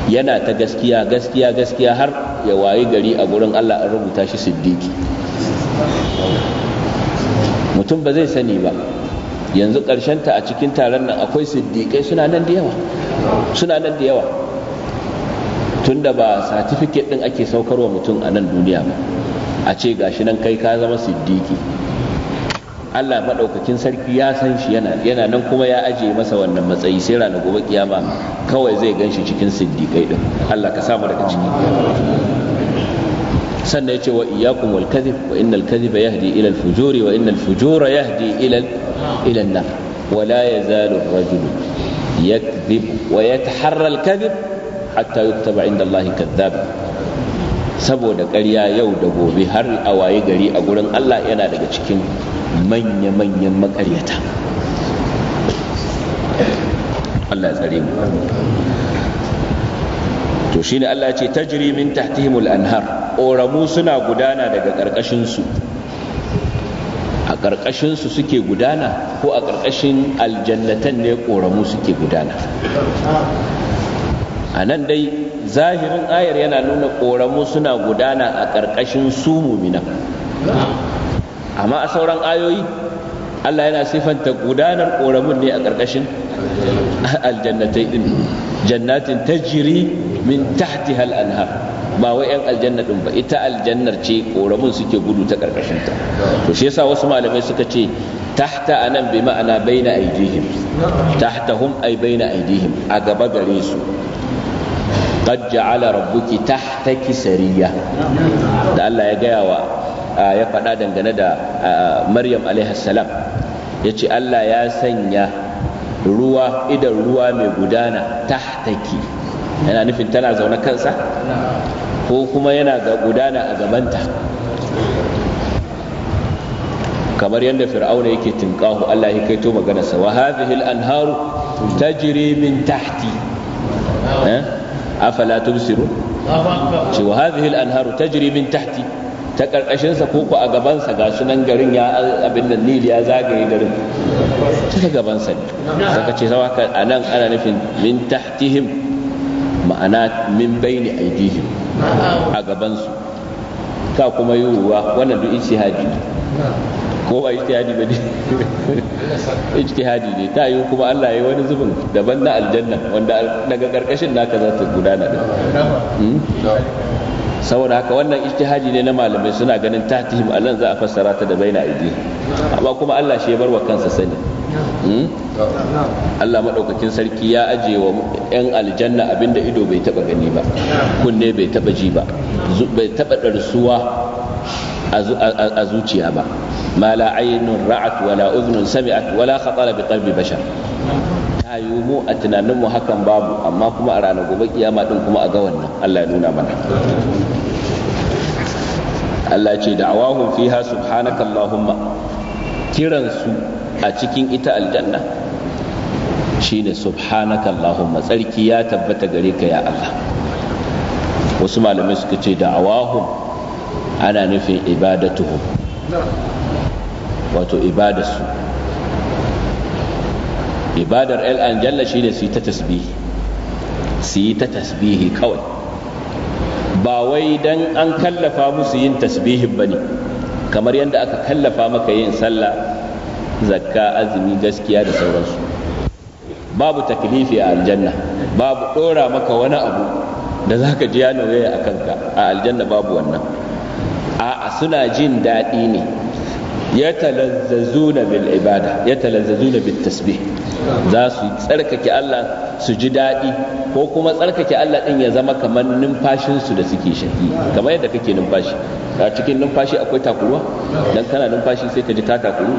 yana ta gaskiya gaskiya gaskiya har ya wayi gari a gurin Allah an rubuta shi siddiqi mutum ba zai sani ba yanzu ta a cikin taron nan akwai siddiƙai suna nan da yawa suna nan da yawa tunda ba satifiket ɗin ake saukarwa mutum a nan duniya ba a ce gashi nan kai ka zama siddiki Allah maɗaukakin sarki ya san shi yana yana nan kuma ya ajiye masa wannan matsayi sai ranar gobe kiyama kawai zai gan shi cikin siddiƙai din Allah ka samu daga ciki sannan ya ce wa iyyakum wal kadhib wa innal kadhiba yahdi ila al fujuri wa innal fujura yahdi ila ila an nar wa la yazalu ar-rajul yakdhib wa yataharra al kadhib hatta yuktaba inda Allah kadhab saboda ƙarya yau da gobe har a waye gari a gurin Allah yana daga cikin manya-manyan makaryata Allah tsare mu to ne Allah ce ta min tahtihimul anhar oramu suna gudana daga ƙarƙashin su a ƙarƙashin su suke gudana ko a ƙarƙashin aljannatan ne ƙoramu suke gudana a nan dai zahirin ayar yana nuna ƙoramu suna gudana a ƙarƙashin su mumina amma a sauran ayoyi Allah yana sifanta gudanar ƙoramun ne a ƙarƙashin aljannatai ɗin jannatin tajiri min tahti hal anhar ba wai yan aljanna din ba ita aljannar ce ƙoramun suke gudu ta ƙarƙashin ta to shi yasa wasu malamai suka ce tahta anan bi ma'ana baina aidihim tahtahum ay baina aidihim a gaba gare su qad ja'ala rabbuki tahtaki sariya da Allah ya gaya wa ya faɗa dangane da Maryam alaihi salam yace Allah ya sanya ruwa idan ruwa mai gudana tahtaki yana nufin tana zaune kansa ko kuma yana ga gudana a gabanta kamar yadda fir'auna yake tinkahu Allah ya kai to maganarsa wa hadhihi al-anharu tajri min tahti eh? afala tubsiru ce wa hadhihi anharu tajri min tahti ta karkashin sa koko a gaban sa ga sunan garin ya abin nan nil ya zagaye garin ta gaban sa saka ce sawa anan ana nufin min tahtihim ma'ana min baini aidihim a gaban su ka kuma yiwuwa wannan duk ijtihadi Kowa ijtihadi ba ne ijtihadi ne ta yi kuma Allah ya wani zubin daban na aljanna wanda daga karkashin naka za ta gudana da. Hmm? saboda haka wannan ijtihadi ne na malamai suna ganin tatihim alan za a fassara ta da baina aidi amma kuma Allah shi ya bar wa kansa sani hmm? Allah maɗaukakin sarki ya aje wa 'yan aljanna abinda ido bai taɓa gani ba kunne bai taɓa ji ba bai taɓa ɗarsuwa a zuciya ba ma la aynun ra'at wala udhnun sami'at wala khatara bi qalbi bashar ta yi mu a tunanin hakan babu amma kuma a ranar gobe kiyama din kuma a ga wannan Allah ya nuna mana Allah ce da'awahum fiha subhanaka allahumma kiransu a cikin ita aljanna shine subhanaka allahumma tsarki ya tabbata gare ka ya wasu malamai suka ce da'awahum ana nufin ibadatuhum wato ibadarsu ibadar al'an jalla shi ne su yi ta tasbihi su yi ta tasbihi kawai ba wai dan an kallafa musu yin tasbihin ba ne kamar yadda aka kallafa maka yin sallah zakka azumi gaskiya da sauransu babu taklifi a aljanna babu ɗora maka wani abu da za ka ji ya nauyaya a kanka a aljanna babu wannan a'a suna jin daɗi ne yatalazzazuna bil ibada yatalazzazuna bil tasbih za su tsarkake Allah su ji daɗi ko kuma tsarkake Allah din ya zama kamar numfashin su da suke shaki kamar yadda kake numfashi a cikin numfashi akwai takuruwa dan kana numfashi sai ka ji ta takuru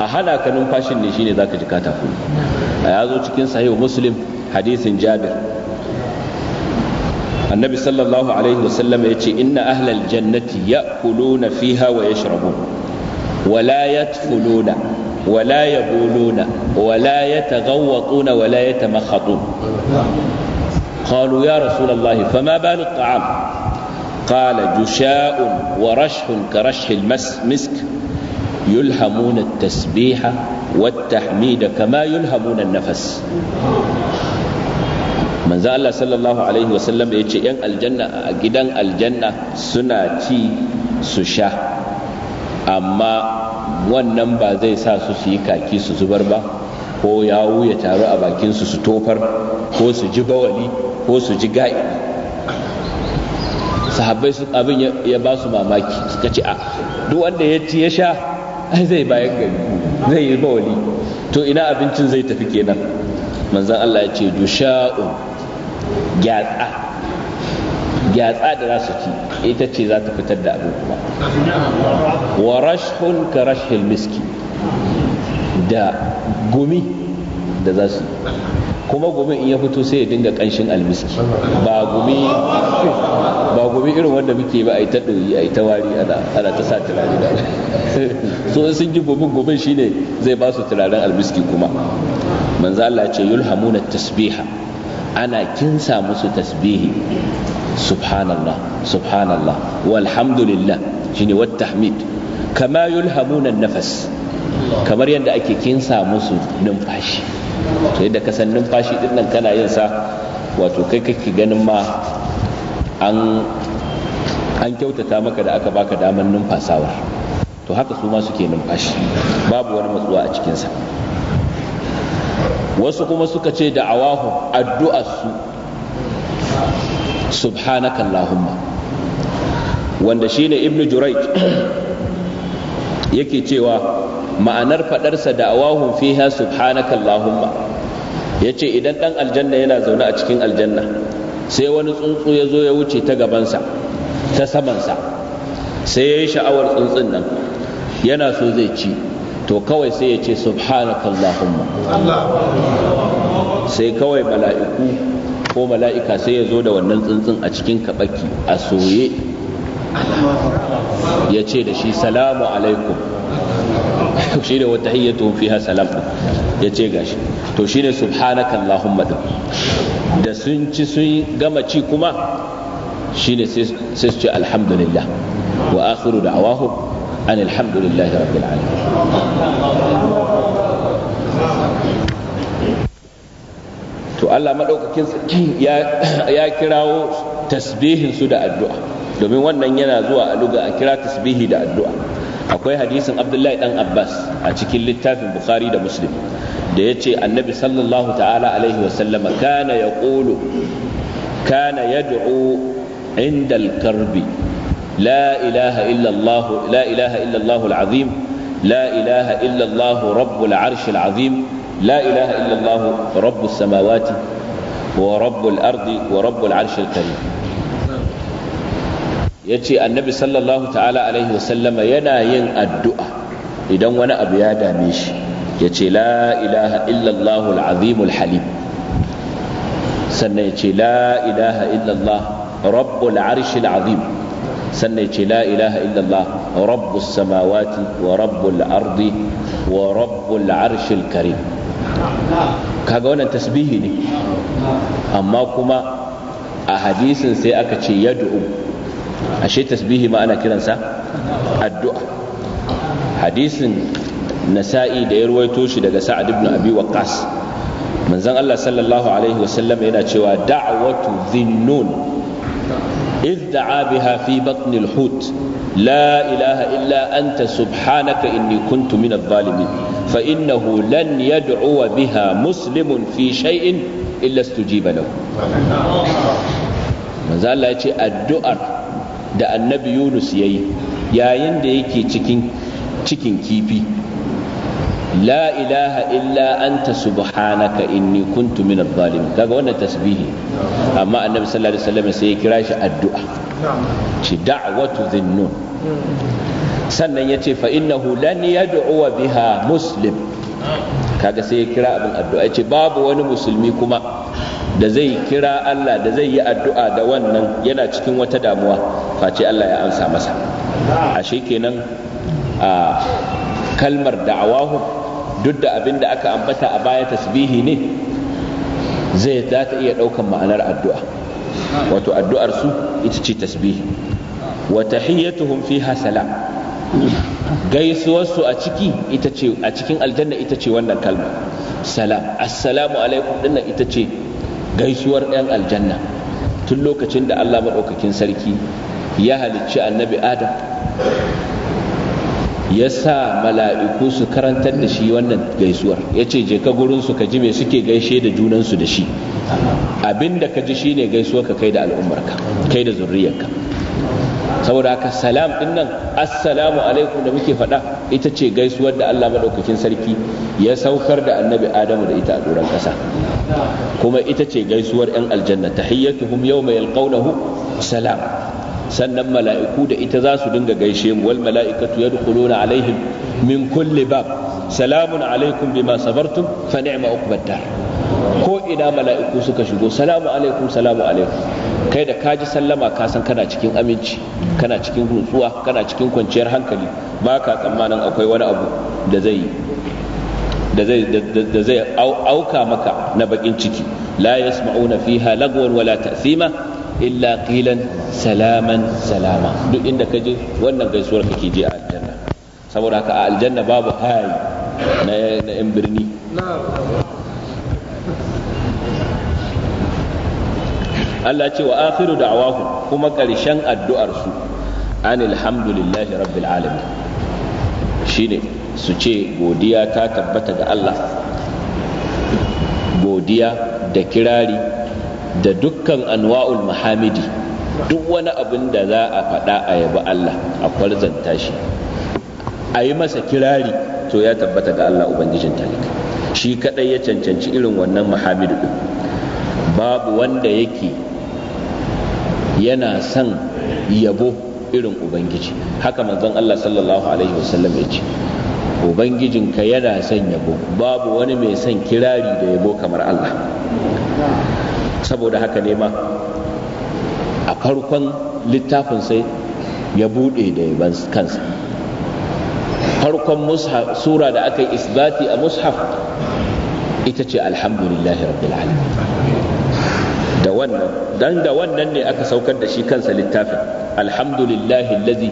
a hana ka numfashin ne shine zaka ji ka takuru ya zo cikin sahih muslim hadisin jabir annabi sallallahu alaihi wasallam ya ce inna ahlal jannati ya'kuluna fiha wa yashrabun wala yatfuluna wala yabuluna wala yataghawwatuna wala yatamakhatun قالوا يا رسول الله فما بال الطعام قال جشاء ورشح كرشح المسك يلهمون التسبيح والتحميد كما يلهمون النفس من ذا الله صلى الله عليه وسلم يجي ين الجنة جدا الجنة سنة سشاه amma wannan ba zai sa su su yi kaki su zubar ba ko yawu ya taru a bakinsu su tofar ko su ji bawali ko su ji ga'i sahabbai su abin ya ba su mamaki suka ce a duk wanda ya ci ya sha ai zai bayan gari zai yi bawali to ina abincin zai tafi kenan manzan Allah ya ce dusha'un gyatsa gyatsa da za su ci ita ce za ta fitar da abin kuma wa rashhun ka rashhil miski da gumi da za su kuma gumi in ya fito sai ya dinga kanshin almiski ba gumi ba gumi irin wanda muke ba a yi ta ɗoyi a yi ta wari ana ta sa turare da so sun ji gumin gumin shine zai ba su turaren almiski kuma manzo Allah ce yulhamuna tasbiha ana kinsa musu tasbihi subhanallah subhanallah walhamdulillah shine wat tahmid kama yulhamuna nafas kamar yadda ake kinsa musu numfashi to yadda ka san numfashi din nan kana yin sa wato kai kake ganin ma an an kyautata maka da aka baka daman numfasawa to haka su ma suke numfashi babu wani matsuwa a cikinsa wasu kuma suka ce da awahu addu'ar su subhanaka allahumma wanda shine ibnu juraij yake cewa ma'anar fadarsa awahun fiha subhanaka allahumma ce idan dan aljanna yana zaune a cikin aljanna sai wani tsuntsu ya zo ya wuce ta gabansa ta samansa sai ya yi sha'awar tsuntsun nan yana so zai ci to kawai sai ya ce subhanakallahumma sai kawai mala'iku ko mala'ika sai ya zo da wannan tsuntsun a cikin kabaki a soye ya ce da shi salamu alaikum shi ne wata fi ha salam ya ce gashi to shi ne subhanaka allahumma da sun ci sun gama ci kuma shi ne sai su ce alhamdulillah wa akhiru awahu an alhamdulillahi rabbil alamin to Allah maɗaukakin sarki ya kirawo tasbihin su da addu'a domin wannan yana zuwa a luga a kira tasbihi da addu'a akwai hadisin Abdullahi dan Abbas a cikin littafin Bukhari da Muslim da yace annabi sallallahu ta'ala alaihi wa sallama kana ƙulu, kana yad'u inda karbi la ilaha illallahu la ilaha illa Allah azim la ilaha illallah rabbus samawati wa rabbul ardi wa rabbul arshil karim yace annabi sallallahu ta'ala alaihi yana yin addu'a idan wani abu ya dame shi yace la ilaha illallah al-azim al-halim sannan yace la ilaha illallah rabbul arshil azim sannan yace la ilaha illallah rabbus samawati wa ardi wa karim kaga wannan tasbihi ne amma kuma a hadisin sai aka ce yad'u ashe tasbihi ma ana kiransa addu'a hadisin nasa'i da ya ruwaito shi daga sa'ad ibn abi waqas manzon Allah sallallahu alaihi wasallam yana cewa da'watu dhinnun إذ دعا بها في بطن الحوت لا إله إلا أنت سبحانك إني كنت من الظالمين fa ya lan wa biha muslimun fi shay'in illa stujiba lahu manzo Allah ya ce addu'ar da annabi Yunus yayi yayin da yake cikin cikin kifi la ilaha illa anta subhanaka inni kuntu min adh kaga wannan tasbihi amma annabi sallallahu alaihi wasallam sai ya kira shi addu'a ci da'watu dhinnun sannan ya ce fa ya lan yad'uwa biha muslim kaga sai ya kira abin addu'a ya ce babu wani musulmi kuma da zai kira Allah da zai yi addu'a da wannan yana cikin wata damuwa face Allah ya amsa masa ashe kenan a kalmar da'awahu duk da abin da aka ambata a baya tasbihi ne zai za ta iya ɗaukan ma'anar addu'a wato addu'ar su ita ce tasbihi wa tahiyyatuhum fiha salam gaisuwarsu a ciki ita ce a cikin aljanna ita ce wannan kalma salam assalamu alaikum dinnan ita ce gaisuwar ɗan aljanna tun lokacin da Allah maɗaukakin sarki ya halicci annabi adam ya sa mala'iku su karantar da shi wannan gaisuwar ya ce je ka gurinsu ka ji me suke gaishe da junansu da shi abinda ka ji shine gaisuwar ka kai da al'ummarka kai da zurriyarka saboda haka salam din nan assalamu alaikum da muke faɗa ita ce gaisuwar da Allah madaukakin sarki ya saukar da annabi Adamu da ita a doron ƙasa kuma ita ce gaisuwar 'yan aljanna tahiyyatuhum yawma yalqawnahu salam sannan mala'iku da ita za su dinga gaishe mu wal mala'ikatu yadkhuluna alaihim min kulli bab salamun alaikum bima sabartum fa ni'ma ko ina mala'iku suka shigo salamu alaikum salamu alaikum kai da ka ji sallama ka san kana cikin aminci kana cikin nutsuwa kana cikin kwanciyar hankali ba ka tsammanin akwai wani abu da zai da zai da zai auka maka na bakin ciki la yasma'una fiha lagwan wala ta'sima illa qilan salaman salama duk inda ka je wannan gaisuwar kake je a aljanna saboda haka a aljanna babu hayi na yan birni Allah ce wa akhiru da'awahum kuma ƙarshen addu'ar su alhamdulillahi hamdulillahi rabbil alamin shine su ce godiya ta tabbata ga Allah godiya da kirari da dukkan anwa'ul mahamidi duk wani abin da za a faɗa a yabi Allah a kwarzanta shi a yi masa kirari to ya tabbata ga Allah ubangijin talika shi kadai ya cancanci irin wannan mahamidu babu wanda yake yana son yabo irin ubangiji haka manzon Allah sallallahu alaihi wasallam ya ce ubangijinka yana son yabo babu wani mai son kirari da yabo kamar Allah saboda haka ne ma a farkon littafin sai ya bude da yaban kansa farkon sura da aka yi isbati a mushaf ita ce alhamdulillahi rabbil alamin da wannan dan da wannan ne aka saukar da shi kansa littafin alhamdulillahi allazi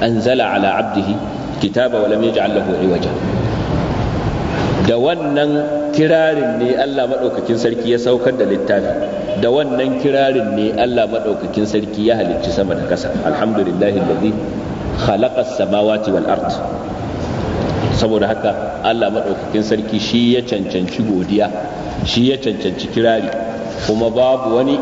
anzala ala abdihi kitaba wa lam yaj'al lahu iwaja da wannan kirarin ne Allah madaukakin sarki ya saukar da littafin, da wannan kirarin ne Allah madaukakin sarki ya halicci sama da ƙasa alhamdulillahi allazi khalaqa as-samawati wal ard saboda haka Allah madaukakin sarki shi ya cancanci godiya shi ya cancanci kirari kuma babu wani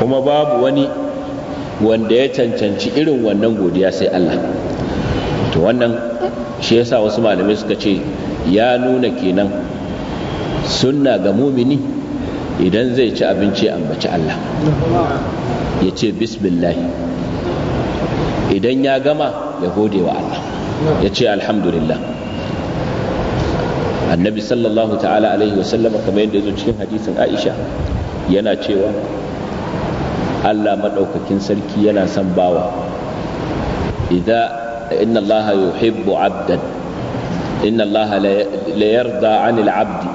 kuma babu wani wanda ya cancanci irin wannan godiya sai Allah to wannan shi yasa wasu malamai suka ce ya nuna kenan sunna ga mumini idan zai ci abinci ambaci Allah ya ce bismillah idan ya gama ya gode wa Allah ya ce alhamdulillah annabi sallallahu ta'ala alaihi wasallam kamar yadda zo cikin hadisin aisha yana cewa Allah maɗaukakin sarki yana son bawa idza inna allaha yuhibbu abdan inna allaha la yarda 'anil 'abdi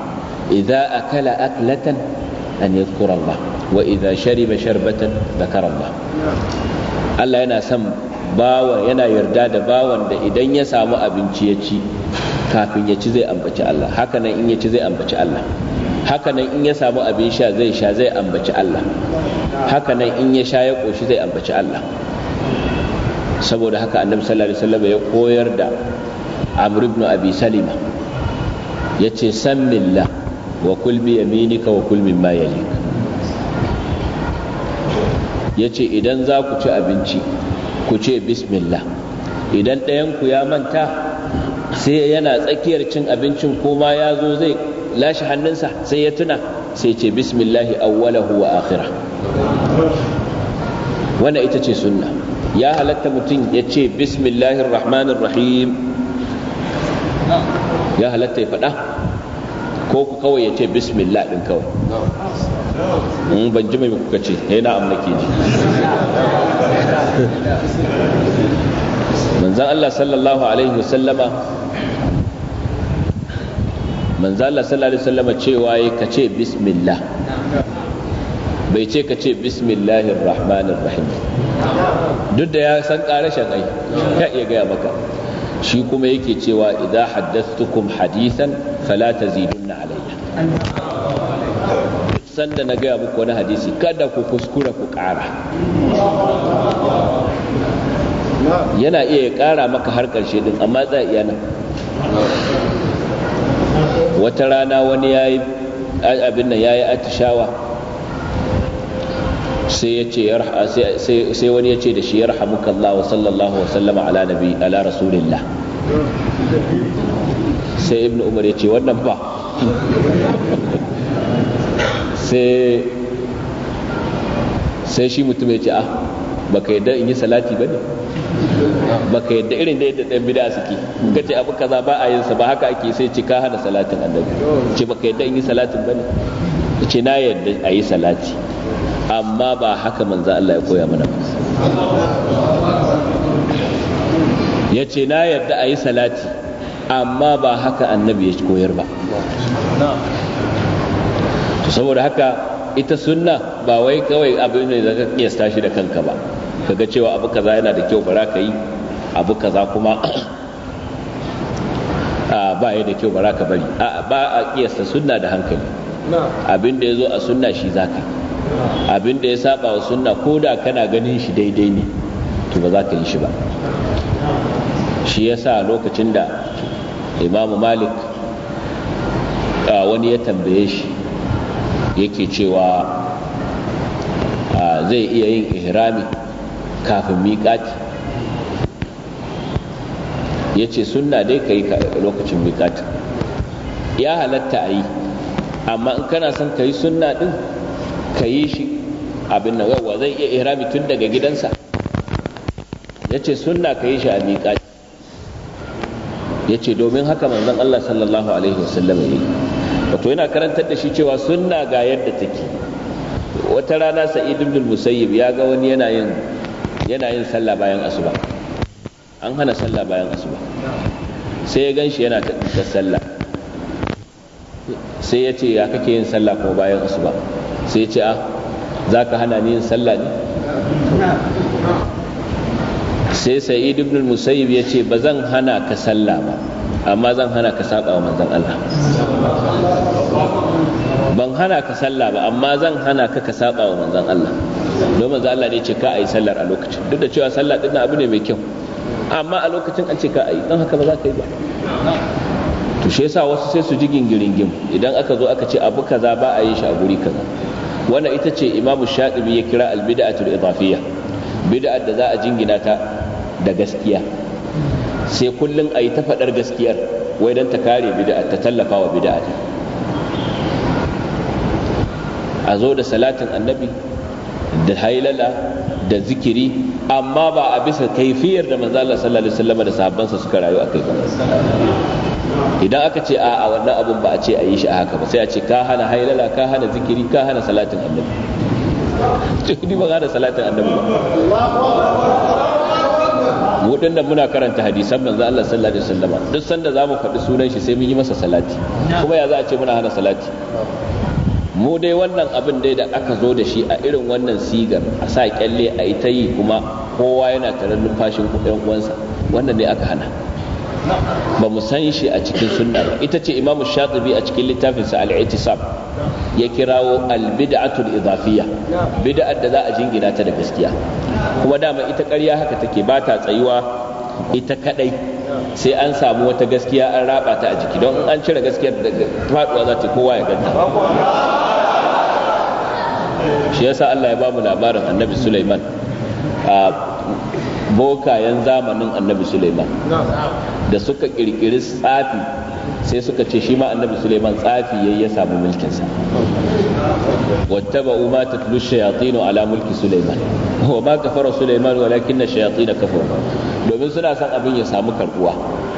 idza akala aklatan an yadhkura Allah wa idza shariba sharbatan dhakara Allah Allah yana son bawa yana yarda da bawan da idan ya samu abinci ya ci kafin ya ci zai ambaci Allah haka nan in ya ci zai ambaci Allah haka nan in ya samu abin sha zai sha zai ambaci Allah haka nan in ya sha ya koshi zai ambaci Allah saboda haka annabi sallallahu alaihi wasallam ya koyar da Amr ibn Abi Salima yace sammillah wa kul bi yaminika wa kul mimma yalik yace idan za ku ci abinci ku ce bismillah idan ɗayanku ya manta sai yana tsakiyar cin abincin ko ma ya zo zai lashe hannunsa sai ya tuna sai ce bismillahi awwalahu wa akhira wannan ita ce sunna ya halatta mutum ya ce bismillahir rahmanir rahim ya halatta ya faɗa ko ku kawai ya ce bismillah ɗin kawai in ban ji mai kuka ce ya eh, na amna ke ji manzan Allah sallallahu alaihi wasallama manzan Allah sallallahu alaihi wasallama cewa ya ka ce bismillah bai ce ka ce bismillahir rahmanir rahim duk da ya san karashin ai ya iya gaya maka shi kuma yake cewa idan haddastukum hadisan fala tazidunna alayya sanda na gaya muku wani hadisi kada ku kuskura ku kara yana iya ya maka har karshe din amma za iya nan wata rana wani ya yi abin nan ya yi atishawa sai wani ya ce da shi ya rahamuka Allah wa sallallahu wa sallama ala nabi ala rasulillah sai ibn umar ya ce wannan ba sai shi mutum ya ce ah baka yadda in yi salati ba ne baka yadda irin da yadda ɗan bida suke ka ce abu kaza ba a yinsa ba haka ake sai ce ka hana salatin annabi ce baka yadda in yi salatin ba ne ce na yadda a yi salati amma ba haka manza Allah ya koya mana ya ce na yadda a yi salati amma ba haka annabi ya koyar ba to saboda haka ita sunna ba wai kawai ne da ka kiyasta shi da kanka ba kaga cewa abu kaza yana da kyau bara ka yi abu kaza kuma ba ya da kyau bara ka bari ba a kiyasta sunna da hankali abin da ya zo a sunna shi zaka yi abin da ya saba wa sunna ko da kana ganin shi daidai ne to ba za ka yi shi ba shi ya sa lokacin da imamu malik wani ya tambaye shi yake cewa ah, zai iya yin ihrami kafin miƙati ya ce sunna dai ka yi lokacin miƙati ya halatta a yi amma in kana son ka yi sunna ɗin ka yi shi abin na yawa zai iya ihrami tun daga gidansa ya ce sunna ka yi shi a miƙati ya ce domin haka manzon Allah sallallahu alaihi wasallam ya yi wato yana karantar da shi cewa sunna ga yadda take wata rana sa'id ibn musayyib ya ga wani yana yin yana yin sallah bayan asuba an hana sallah bayan asuba sai ya gan shi yana ta sallah sai ya ce ya kake yin sallah kuma bayan asuba sai ya ce ah za ka hana ni yin sallah ne sai sa'id ibn musayyib ya ce ba zan hana ka sallah ba amma zan hana ka saba wa manzon Allah hana ka sallah ba amma zan hana ka ka saba wa manzon Allah don manzon Allah ne ce ka ayi sallar a lokacin duk da cewa sallah din abu ne mai kyau amma a lokacin an ce ka ayi don haka ba za ka yi ba to shi yasa wasu sai su ji gingiringim idan aka zo aka ce abu kaza ba a yin shi a guri kaza wannan ita ce imamu shaɗibi ya kira albida'atul idafiyya bid'ar da za a jingina ta da gaskiya sai kullum a yi ta faɗar gaskiyar wai don ta kare bid'a ta tallafa wa bid'a a zo da salatin annabi da hailala da zikiri amma ba a bisa kaifiyar da manzo Allah sallallahu alaihi wasallam da sahabbansa suka rayu a kai ba idan aka ce a a wannan abun ba a ce a yi shi a haka ba sai a ce ka hana hailala ka hana zikiri ka hana salatin annabi ni ba hana salatin annabi ba wadanda da muna karanta hadisan manzo Allah sallallahu alaihi wasallam duk sanda zamu faɗi sunan shi sai mun yi masa salati kuma ya za a ce muna hana salati mu dai wannan abin dai da aka zo da shi a irin wannan sigar a sa kyalle a ita yi kuma kowa yana tare numfashin yan uwansa wannan ne aka hana ba mu san shi a cikin sunna ba ita ce imam shatibi a cikin littafinsa al-i'tisam ya kirawo al-bid'atul idafiyya bid'ar da za a jingina ta da gaskiya kuma dama ita ƙarya haka take ba ta tsayuwa ita kadai sai an samu wata gaskiya an raba ta a jiki don an cire gaskiyar da faduwa za ta kowa ya ganta shi yasa Allah ya bamu labarin annabi Sulaiman a bokayen zamanin annabi Sulaiman da suka kirkiri tsafi sai suka ce shi ma annabi Sulaiman tsafi yayi ya samu mulkinsa واتبعوا ما تتلو الشياطين ala mulki Sulaiman هو ma kafara Sulaiman walakin shayatin kafara domin suna son abin ya samu karbuwa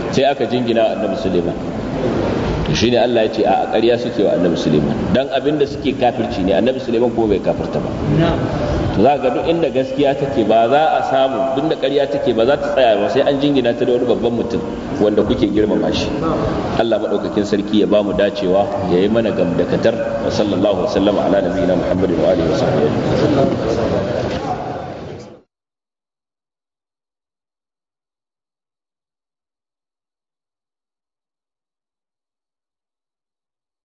sai aka jingina annabi Suleiman shine Allah ya ce a ƙarya suke wa annabi Suleiman dan abin da suke kafirci ne annabi Suleiman ko bai kafirta ba to za ga duk inda gaskiya take ba za a samu duk da ƙarya take ba za ta tsaya ba sai an jingina ta da wani babban mutum wanda kuke girmama shi Allah madaukakin sarki ya ba mu dacewa ya yi mana gamdakatar wa sallallahu alaihi wa ala nabiyina Muhammadin wa alihi wa